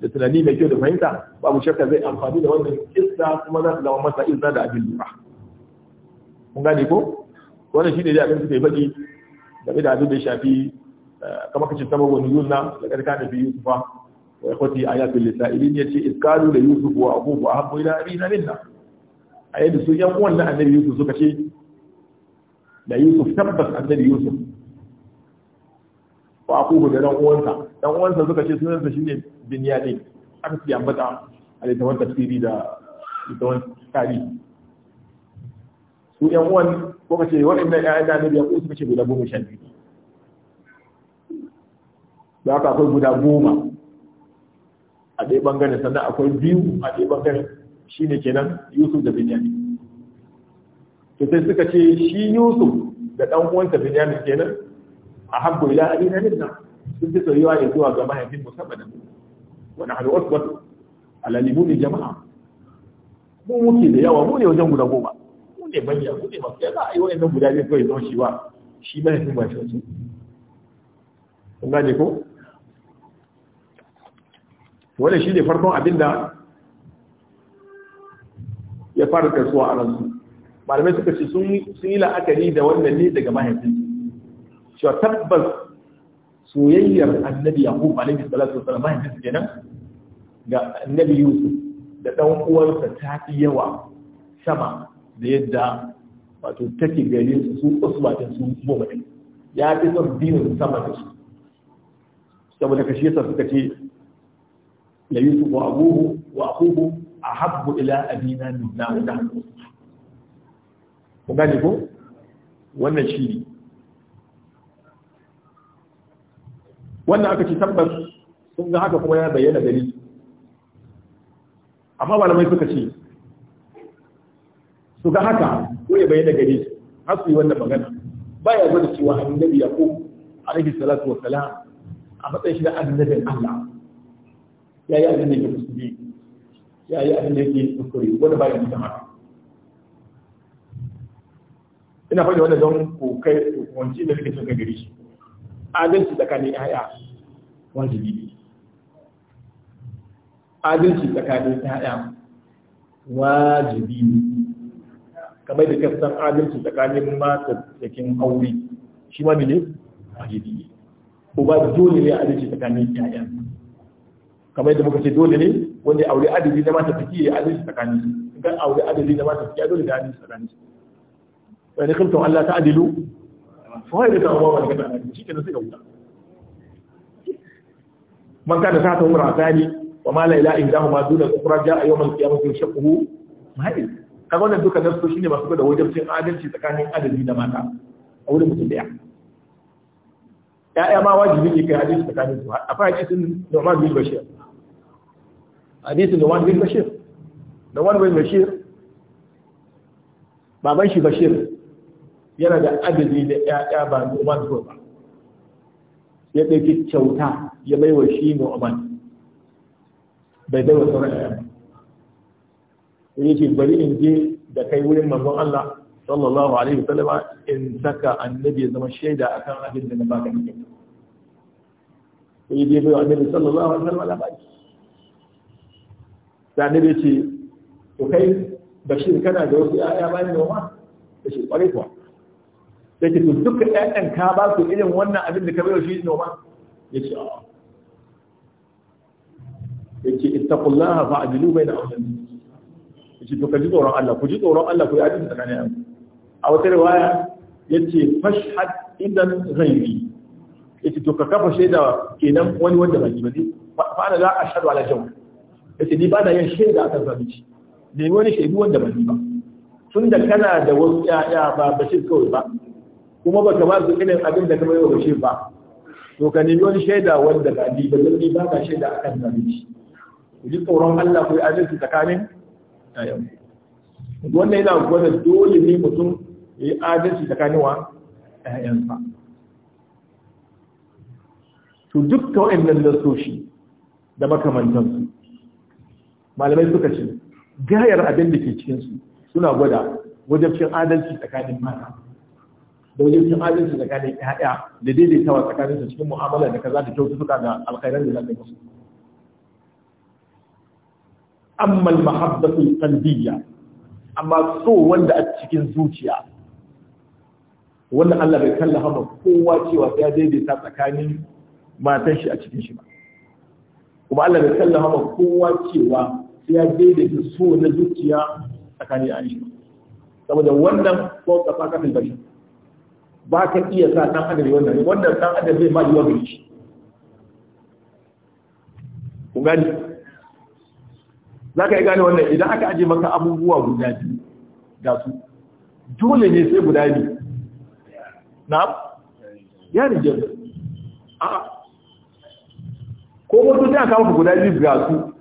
da tunani mai kyau da fahimta babu shakka zai amfani da wannan iska kuma za zama masa izza da abin lura kun gane ko wannan shine da abin da faɗi game da abin da ya shafi eh, kamar kace sama wa yuna da karka da bi yusufa wa ikhwati ayatul lisailin yace iskalu da yusuf wa abuhu abin ila abina minna ayyadu su yan uwan annabi yusuf suka ce da yusuf tabbas annabi yusuf wa abuhu da ɗan uwansa dan uwansa suka ce sunan sa shine binyamin aka siya mata a littafin tafsiri da littafin tarihi su yan uwan ko kace ce waɗannan ya da annabi ya ku suka ce guda goma shan biyu da aka akwai guda goma a dai bangare sannan akwai biyu a dai bangare shine kenan yusuf da binyamin to sai suka ce shi yusuf da ɗan uwansa binyamin kenan a habbu ila alina minna sun fi soyayya ne zuwa ga mahaifin musamman wani hannu wasu ala alalibuni jama'a mu muke da yawa mu ne wajen guda goma ku ne manya ku ne masu yana wa wa'annan guda biyu kawai zama shi ba shi ba ne fi masu wasu kun ko wannan shi ne farkon abin da ya fara kasuwa a ransu malamai suka ce sun yi la'akari da wannan ne daga mahaifinsu cewa tabbas soyayyar annabi da alaihi salatu mahaifin su kenan ga annabi yusuf da dan uwarsa ta fi yawa sama da yadda wato take gare su su usba din su goma din ya fi son dinin sama da su saboda kashi yasa suka ce la yusuf wa abuhu wa akuhu ahabbu ila abina minna wa nahnu ku gane ko wannan shi ne wannan aka ci tabbas sun ga haka kuma ya bayyana gari amma malamai suka ce to ga haka ko ya bayyana gare shi har su yi wannan magana baya gwada cewa annabi ko alaihi salatu wa salam a matsayin shi da annabi Allah ya yi abin da yake ya yi abin da yake kuskure wanda baya da haka ina faɗi wannan don ku kai wanci da kake son kai gare shi adalci tsakanin yaya wajibi ne adalci tsakanin yaya wajibi ne kamar da san adalci tsakanin mata cikin aure shi ma mene wajibi ne uba dole ne adalci tsakanin ƴaƴan kamar da muka ce dole ne wanda aure adalci na mata take ya adalci tsakanin su kan aure adalci na mata take dole da adalci tsakanin su fa ne kuntum Allah ta'dilu fa hayra ta'awu wa kada shi kenan sai ga wuta man kana sa ta umra tani wa ma la ilaha illa huwa dun al-ukhra ja'a yawm al yashquhu ma hadith kaga wannan duka shi shine masu gada wajibcin adalci tsakanin adalci da mata a wurin mutum daya ya'ya ma wajibi ne kai hadisi tsakanin su a fara hadisin Nu'man bin Bashir hadisin Nu'man bin Bashir Nu'man bin Bashir baban shi Bashir yana da adalci da ya'ya ba Nu'man zuwa ba ya ɗauki kyauta ya baiwa shi Nu'man bai baiwa sauran ya'ya ba sai ce bari in je da kai wurin manzon Allah sallallahu alaihi wasallam in saka annabi ya zama shaida akan abin da na baka ne sai dai bai annabi sallallahu alaihi ba labari sai annabi ce to kai bashir kana da wasu ba bayan noma da shi kwarai kuwa sai ce to duka ƴaƴan ka ba su irin wannan abin da ka bayar shi noma ya ce a'a ya ce ittaqullaha fa'adilu bayna awladikum ce to kaji tsoron Allah ku ji tsoron Allah ku yi adalci tsakanin yanku a wata riwaya yace fashhad idan zaini yace to ka kafa shaida kenan wani wanda ba ni ba fa ana la ashhadu ala jawi yace ni ba da yin shaida akan zalunci ne wani shaidu wanda ba ni ba tun da kana da wasu 'ya'ya ba bashir kawai ba kuma ba ba su irin abin da kamar yau bashir ba to ka nemi wani shaida wanda ba ni ba zan ni ba ka shaida akan zalunci ku ji tsoron Allah ku yi adalci tsakanin ƴaƴan wannan yana gwada dole ne mutum ya yi adalci tsakanin wa ƴaƴansa to dukkan wa'annan nasoshi da makamantansu malamai suka ce gayar abin da ke cikinsu suna gwada wajabcin adalci tsakanin mata da wajen cin adalci tsakanin 'ya'ya da daidaitawa tsakaninsu cikin mu'amala da kaza da kyautuka ga alkhairar da zaɓe musu amma al-mahabbatu qalbiyya amma so wanda a cikin zuciya wanda Allah bai kallaha ba kowa cewa sai ya daidaita tsakanin matan shi a cikin shi ba kuma Allah bai kallaha ba kowa cewa sai ya daidaita so na zuciya tsakanin an shi saboda wannan ko tsafa kafin gari, ba ka iya sa dan adam wannan wannan dan adam zai ma yi wa shi. gani za ka yi gane wannan idan aka aje maka abubuwa guda biyu da su dole ne sai guda biyu na ya rijar a ko wasu ta kawo guda biyu ga su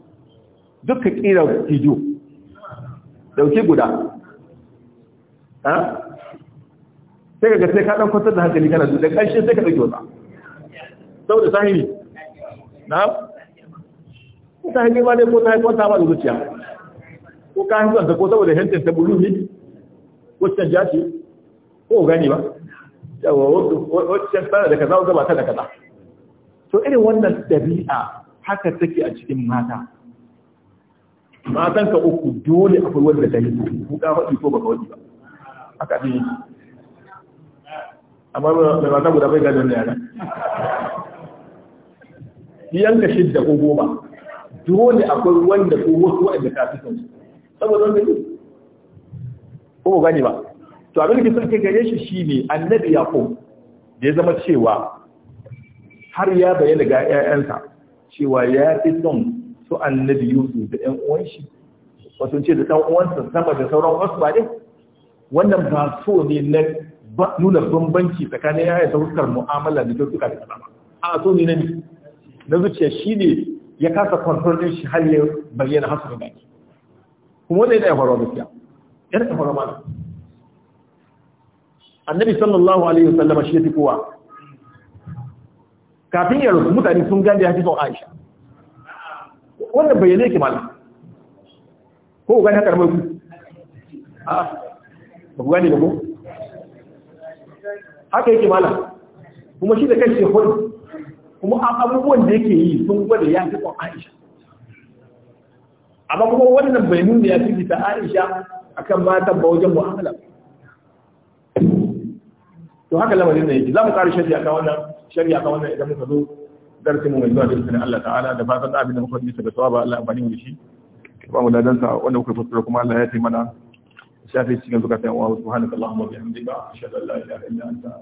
duka kira hijo dauke guda sai ka ga sai ka dan kwantar da hankali kana da ƙarshe sai ka ɗauki wata saboda sahiri na ta yi girma ne ko ta yi kwanta ba da zuciya ko ka yi kwanta ko saboda hentin ta bulu ne ko can jashi ko gani ba wacce tsara daga kaza wata ba ta da kaza to irin wannan ɗabi'a haka take a cikin mata matan ka uku dole a akwai da ta yi ku ka faɗi ko baka waɗi ba haka abin yi amma mai mata guda bai gadon da yana yanka shidda ko goma dole akwai wanda ko wasu waɗanda ka fi kansu saboda wanda ne ko ba gani ba to abin da ke kai gare shi ne annabi yaqub da ya zama cewa har ya bayyana ga ƴaƴansa cewa ya fi son su annabi yusuf da ƴan uwan shi wato ce da ɗan uwansa sama da sauran wasu ba ne wannan ba so ne na nuna bambanci tsakanin yaya ta fuskar mu'amala da suka da kalama a so ne na ne na zuciya shi ne ya kasa kwantar ɗin shi har bayyana hasu da baki kuma wanda yana faruwa gaskiya ya da faruwa mana annabi sallallahu alaihi wasallama shi ya fi kowa kafin ya rasu mutane sun gane ya fi son aisha wannan bayyana yake mana ko gani haka mai ku a ba ku gani da ku haka yake mana kuma shi da kai shi hudu kuma abubuwan da yake yi sun gwada ya fi Aisha amma kuma wannan bai nuna ya fi ta Aisha akan matan ba wajen mu'amala to haka lamarin ne yake za mu ƙara shari'a kan wannan shari'a kan wannan idan muka zo darsin mu mai zuwa da izinin Allah ta'ala da fatan abin da muka bisa da tsawaba Allah amfani mu da shi ba mu ladan sa wanda kuka fassara kuma Allah ya taimaka mana shafi cikin zakatan wa subhanakallahumma wa bihamdika ashhadu an la ilaha illa anta